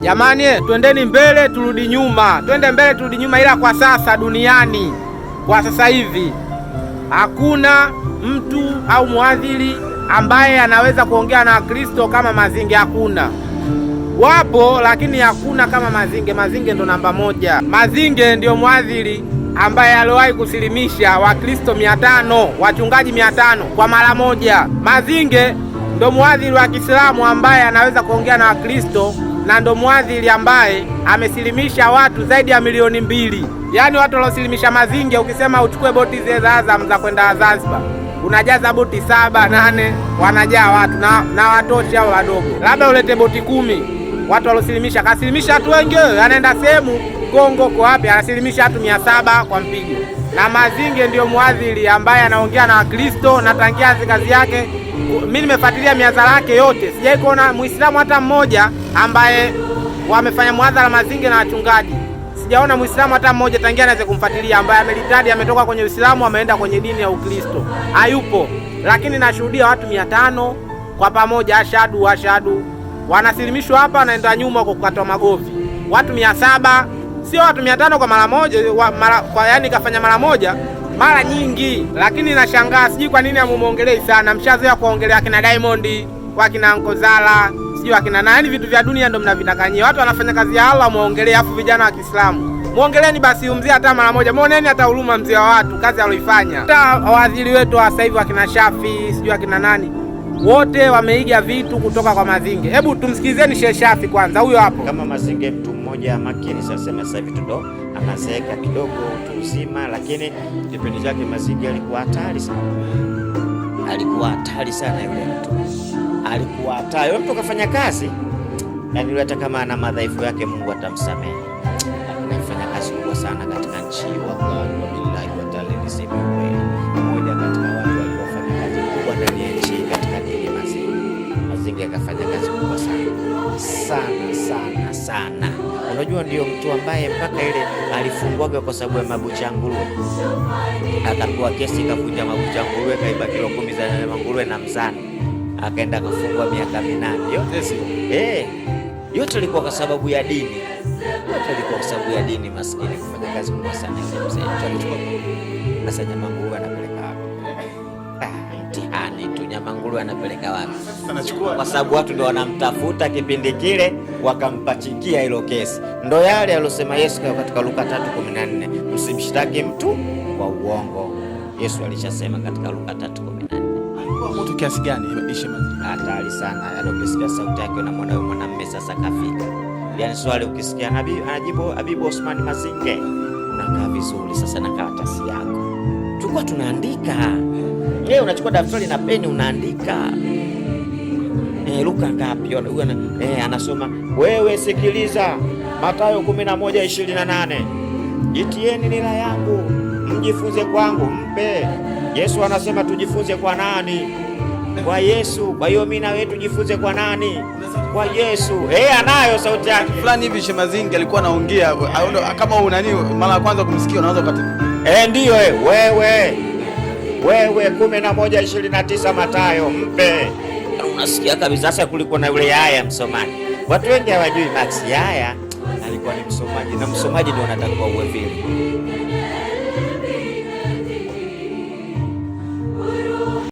Jamani, twendeni mbele turudi nyuma, twende mbele turudi nyuma, ila kwa sasa duniani, kwa sasa hivi hakuna mtu au mwadhili ambaye anaweza kuongea na Kristo kama Mazinge. Hakuna, wapo lakini hakuna kama Mazinge. Mazinge ndo namba moja. Mazinge ndiyo mwadhili ambaye aliwahi kusilimisha Wakristo mia tano wachungaji mia tano kwa mara moja. Mazinge ndo mwadhili wa Kiislamu ambaye anaweza kuongea na Wakristo na ndo mwadhili ambaye amesilimisha watu zaidi ya milioni mbili. Yaani watu waliosilimisha Mazinge, ukisema uchukue boti zile za Azam za kwenda Zanzibar unajaza boti saba nane, wanajaa watu na, na watoshi hao wadogo, labda ulete boti kumi. Watu waliosilimisha kasilimisha watu wengi, anaenda sehemu Kongo ko wapi, anasilimisha watu mia saba kwa mpigo, na Mazinge ndiyo mwadhili ambaye anaongea na Wakristo na tangia kazi yake mimi nimefuatilia miadhara yake yote, sijai kuona Muislamu hata mmoja ambaye wamefanya muadhara Mazinge na wachungaji. Sijaona Muislamu hata mmoja tangia naweze kumfuatilia ambaye amelitadi ametoka kwenye Uislamu ameenda kwenye dini ya Ukristo, hayupo. Lakini nashuhudia watu mia tano kwa pamoja, ashadu ashadu, wanasilimishwa hapa, wanaenda nyuma kwa kukatwa magovi, watu mia saba sio watu mia tano kwa mara moja, yani kafanya mara moja mara nyingi, lakini nashangaa, sijui kwa nini hamumuongelei sana. Mshazoea kuongelea akina Diamond, kwa akina Nkozala, sijui akina na, yaani vitu vya dunia ndo mnavitakanyia. Watu wanafanya kazi ya Allah, muongelee, afu vijana wa Kiislamu muongeleni basi umzie hata mara moja, muoneni hata huruma mzee wa watu, kazi aloifanya. Hata waadhiri wetu wa sasa hivi wakina Shafi sijui akina nani wote wameiga vitu kutoka kwa Mazinge. Hebu tumsikilizeni Sheikh Shafi kwanza, huyo hapo kama Mazinge mtu moja makini. Sasa hivi tudo anazeeka kidogo, utu uzima, lakini kipindi chake Mazingi alikuwa hatari sana, alikuwa hatari sana yule mtu, alikuwa hatari yule mtu. Kafanya kazi yani, hata kama ana madhaifu yake Mungu atamsamehe. Alifanya kazi kubwa sana katika nchi, wa wallahi billahi wa taala, ni sema kweli, katika watu waliofanya kazi kubwa ndani ya nchi katika dini Mazingi. Mazingi akafanya kazi kubwa sana sana sana sana. Unajua, ndio mtu ambaye mpaka ile alifungwaga kwa sababu ya mabucha nguruwe, akakuwa kesi kakuja mabucha nguruwe, kaiba kilo kumi za nyama nguruwe na mzani, akaenda akafungwa miaka minane yote. Eh, yote ilikuwa kwa sababu ya dini, yote ilikuwa kwa sababu ya dini. Maskini kufanya kazi kubwa sana mzee. Sasa nyama nguruwe anapeleka wapi? watu Nyamangulu anapeleka wapi? Anachukua Kwa sababu watu ndio wanamtafuta kipindi kile, wakampachikia hilo kesi. Ndio yale aliyosema Yesu katika Luka 3:14, msimshtaki mtu kwa uongo. Yesu alishasema katika Luka 3:14. Moto kiasi gani? mazingira Hatari sana, yaani ukisikia sauti yake na huyo mwanamume sasa kafika. Yaani swali ukisikia nabii anajibu Habibu Osman Mazinge, unakaa vizuri sasa na karatasi yako, tulikuwa tunaandika Leo unachukua daftari na peni unaandika eh, Luka ngapi Eh, anasoma wewe, sikiliza Mathayo 11:28 jitieni nira yangu mjifunze kwangu, mpe Yesu. Anasema tujifunze kwa nani? Kwa Yesu. Kwa hiyo mimi na wewe tujifunze kwa nani? Kwa Yesu. Yeye eh, anayo sauti yake fulani hivi. Shemazingi alikuwa anaongea kama unani, mara ya kwanza kumsikia unaanza kukata. eh, ndiyo eh, wewe wewe, kumi na moja ishirini na tisa matayo mpe. Unasikia kabisa. Sasa kulikuwa na yule Yaya msomaji, watu wengi hawajui Max Yaya alikuwa ni msomaji, na msomaji ndio unatakiwa uwe vile